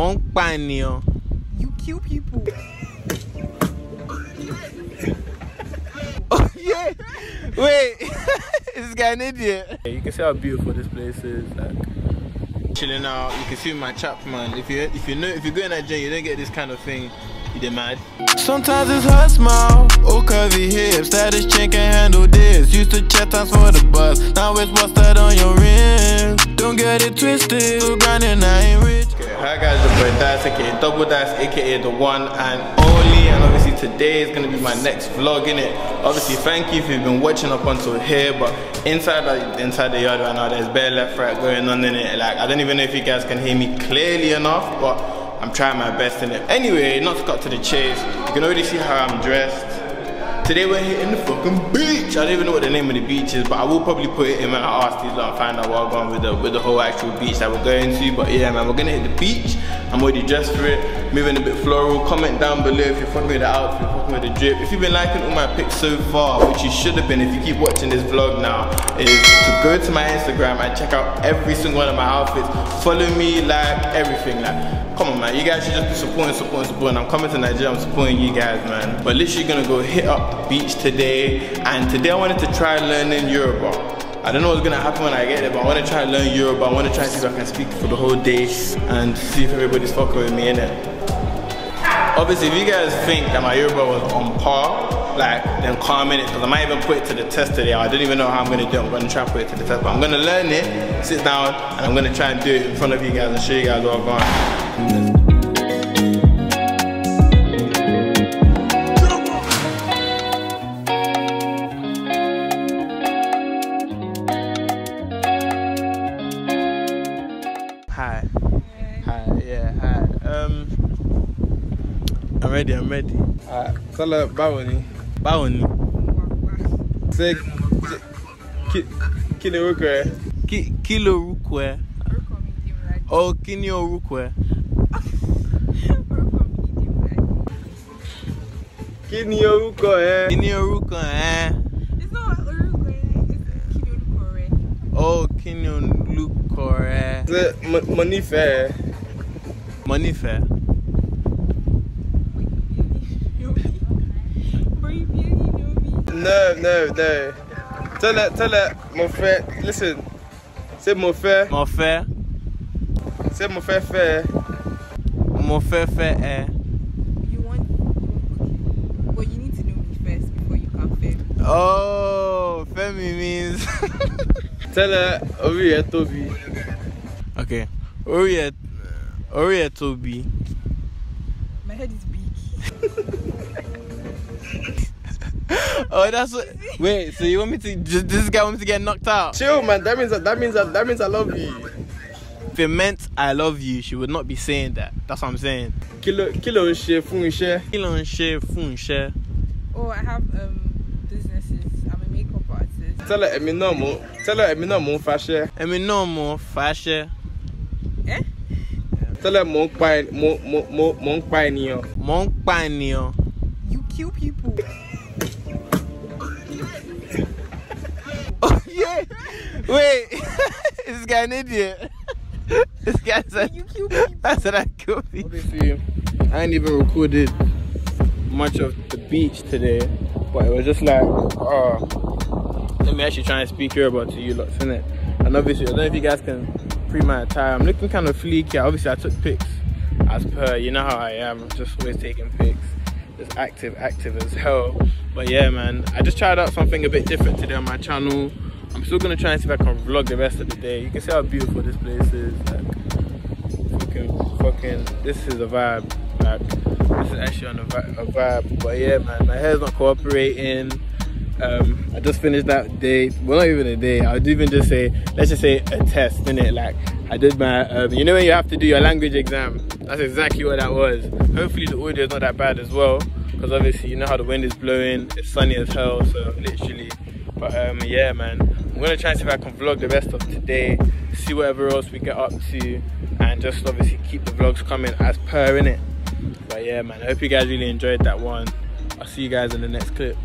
Mo ń pa ènìyàn. You kill people. oh yeah. Wait. this guy an idiot. Yeah, you can see how beautiful this place is. Like chilling out. You can see my chap man. If you if you know if you go in that gym, you don't get this kind of thing. You did mad. Sometimes it's her smile, oh curvy hips. That is chin can handle this. Used to chat times for the bus, now it's busted on your rims. Don't get it twisted, grinding, I ain't rich. Okay, hi guys, with Das, aka Double Das, aka the one and only. And obviously today is gonna be my next vlog in it. Obviously, thank you if you've been watching up until here. But inside the inside the yard right now, there's bare left right going on in it. Like I don't even know if you guys can hear me clearly enough, but I'm trying my best in it. Anyway, not to cut to the chase. You can already see how I'm dressed. Today we're hitting the fucking beach. I don't even know what the name of the beach is, but I will probably put it in my ask these lot and find out where I'm going with the with the whole actual beach that we're going to. But yeah, man, we're gonna hit the beach. I'm already dressed for it moving a bit floral. Comment down below if you're fucking with the outfit, fucking with the drip. If you've been liking all my pics so far, which you should have been if you keep watching this vlog now, is to go to my Instagram and check out every single one of my outfits. Follow me, like, everything. Like, come on, man. You guys should just be supporting, supporting, supporting. I'm coming to Nigeria. I'm supporting you guys, man. But literally gonna go hit up the beach today. And today I wanted to try learning Yoruba. I don't know what's gonna happen when I get there, but I wanna try and learn Yoruba. I wanna try see if I can speak for the whole day and see if everybody's fucking with me in it. Obviously, if you guys think that my Yoruba was on par, like, then comment it, because I might even put it to the test today. I don't even know how I'm going to do it. I'm going to try and put it to the test, but I'm going to learn it, sit down, and I'm going to try and do it in front of you guys and show you guys what I've got. I'm ready, I'm ready. Sọlá báwo ni? Báwo ni? Ṣé kí ni orúkọ ẹ? Kí ló orúkọ ẹ? Orúkọ mi di Mọ́lájí. Ọ kí ni orúkọ ẹ? Orúkọ mi di It's not orúkọ it's kini ni orúkọ rẹ. Ọ kí ni orúkọ rẹ? Ṣé mo nífẹ̀ẹ́? no, no, no. Tell her, tell her, mon frère, listen. C'est mon frère. Mon frère. C'est mon frère frère. Mon frère frère eh. You want... But well, you need to know me first before you can fair Oh, fair me means... tell her, to be. Okay. Oriye... Oriye Tobi. My head is big. oh, that's what. Wait, so you want me to? Just, this guy wants to get knocked out? Chill, man. That means that That means that, that means I love you. If it meant I love you, she would not be saying that. That's what I'm saying. Kilo kilo share fun share. Kilo share fun share. Oh, I have um businesses. I'm a makeup artist. Tell her I'm Emi normal. Tell her I'm Emi normal fashion. I'm Emi normal fashion. Eh? Tell her monk pine monk monk monk pine yo. Monk pine yo. You kill people. yeah. Wait. this guy an idiot. This guy's a. You cute. That's what I could be. Obviously, I ain't even recorded much of the beach today, but it was just like, oh, let me actually try and speak here about to you lots, innit? And obviously, I don't know if you guys can pre my attire. I'm looking kind of fleeky. Obviously, I took pics as per. You know how I am. Just always taking pics. Just active, active as hell. But yeah, man, I just tried out something a bit different today on my channel. I'm still gonna try and see if I can vlog the rest of the day. You can see how beautiful this place is. Like, fucking, fucking, this is a vibe. Like, this is actually on a, a vibe. But yeah, man, my hair's not cooperating. Um, I just finished that day. Well, not even a day. I would even just say, let's just say a test, in it. Like, I did my, um, you know when you have to do your language exam? That's exactly what that was. Hopefully the audio is not that bad as well. Because obviously, you know how the wind is blowing. It's sunny as hell, so literally. But um, yeah, man. I'm gonna try and see if I can vlog the rest of today, see whatever else we get up to, and just obviously keep the vlogs coming as per in it. But yeah, man, I hope you guys really enjoyed that one. I'll see you guys in the next clip.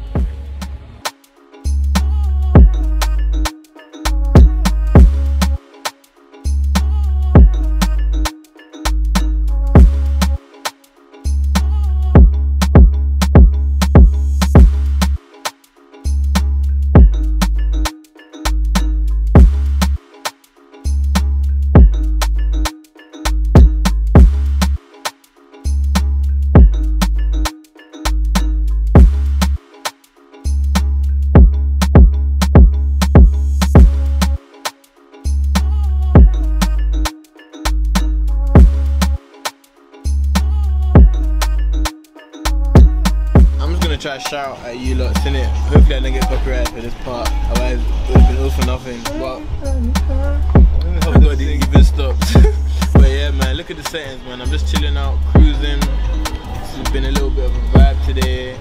gonna try to shout at you lot, it. Hopefully I don't get for this part, otherwise it would have been all for nothing. But hope God didn't give it stops. but yeah man, look at the settings man. I'm just chilling out, cruising. has been a little bit of a vibe today.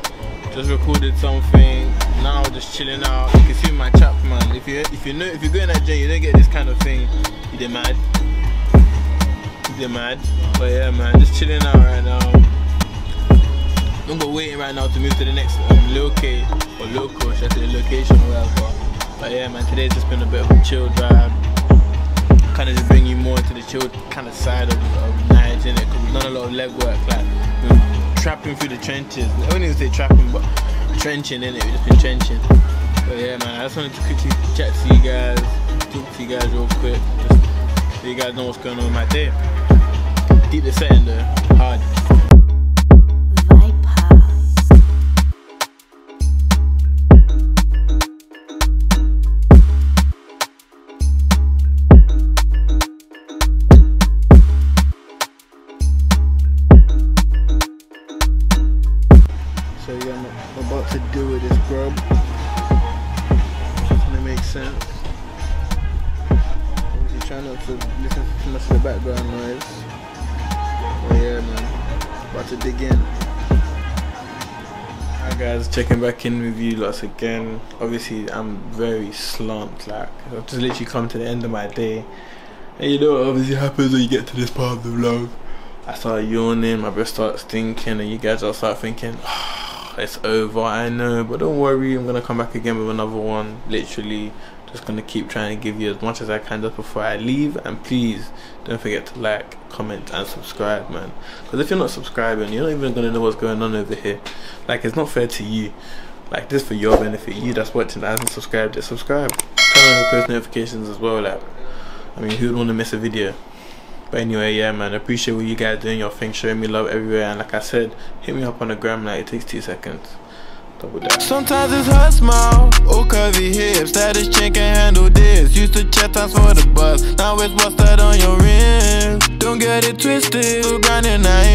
Just recorded something. Now just chilling out. You can see my chap man. If you if you know if you're going at J you don't get this kind of thing, you're mad. You're mad. But yeah man, just chilling out right? I'm gonna waiting right now to move to the next um, locate or local, should I say location or whatever. But yeah, man, today's just been a bit of a chill drive. Kind of just bring you more into the chill kind of side of, of Nige, innit? Because we've done a lot of legwork, like we trapping through the trenches. I wouldn't even say trapping, but trenching, innit? We've just been trenching. But yeah, man, I just wanted to quickly chat to you guys, talk to you guys real quick, just so you guys know what's going on with my day. Deep the setting though, hard. to do it is, bro. Doesn't it make sense? I'm just trying not to listen to too much of the background noise. Oh yeah, man. About to dig in. Hi guys, checking back in with you lots again. Obviously, I'm very slumped. Like I've just literally come to the end of my day, and you know what obviously happens when you get to this part of the vlog. I start yawning, my breath starts stinking, and you guys all start thinking. Oh, it's over i know but don't worry i'm gonna come back again with another one literally just gonna keep trying to give you as much as i can just before i leave and please don't forget to like comment and subscribe man because if you're not subscribing you're not even gonna know what's going on over here like it's not fair to you like this for your benefit you that's watching that hasn't subscribed just subscribe turn on the post notifications as well like i mean who'd want to miss a video but anyway, yeah, man, appreciate what you guys doing. Your thing, showing me love everywhere. And like I said, hit me up on the gram. Like it takes two seconds. Sometimes it's her smile, oh curvy hips can handle this Used to chat times for the bus Now it's what's that on your Don't get it twisted, grinding I ain't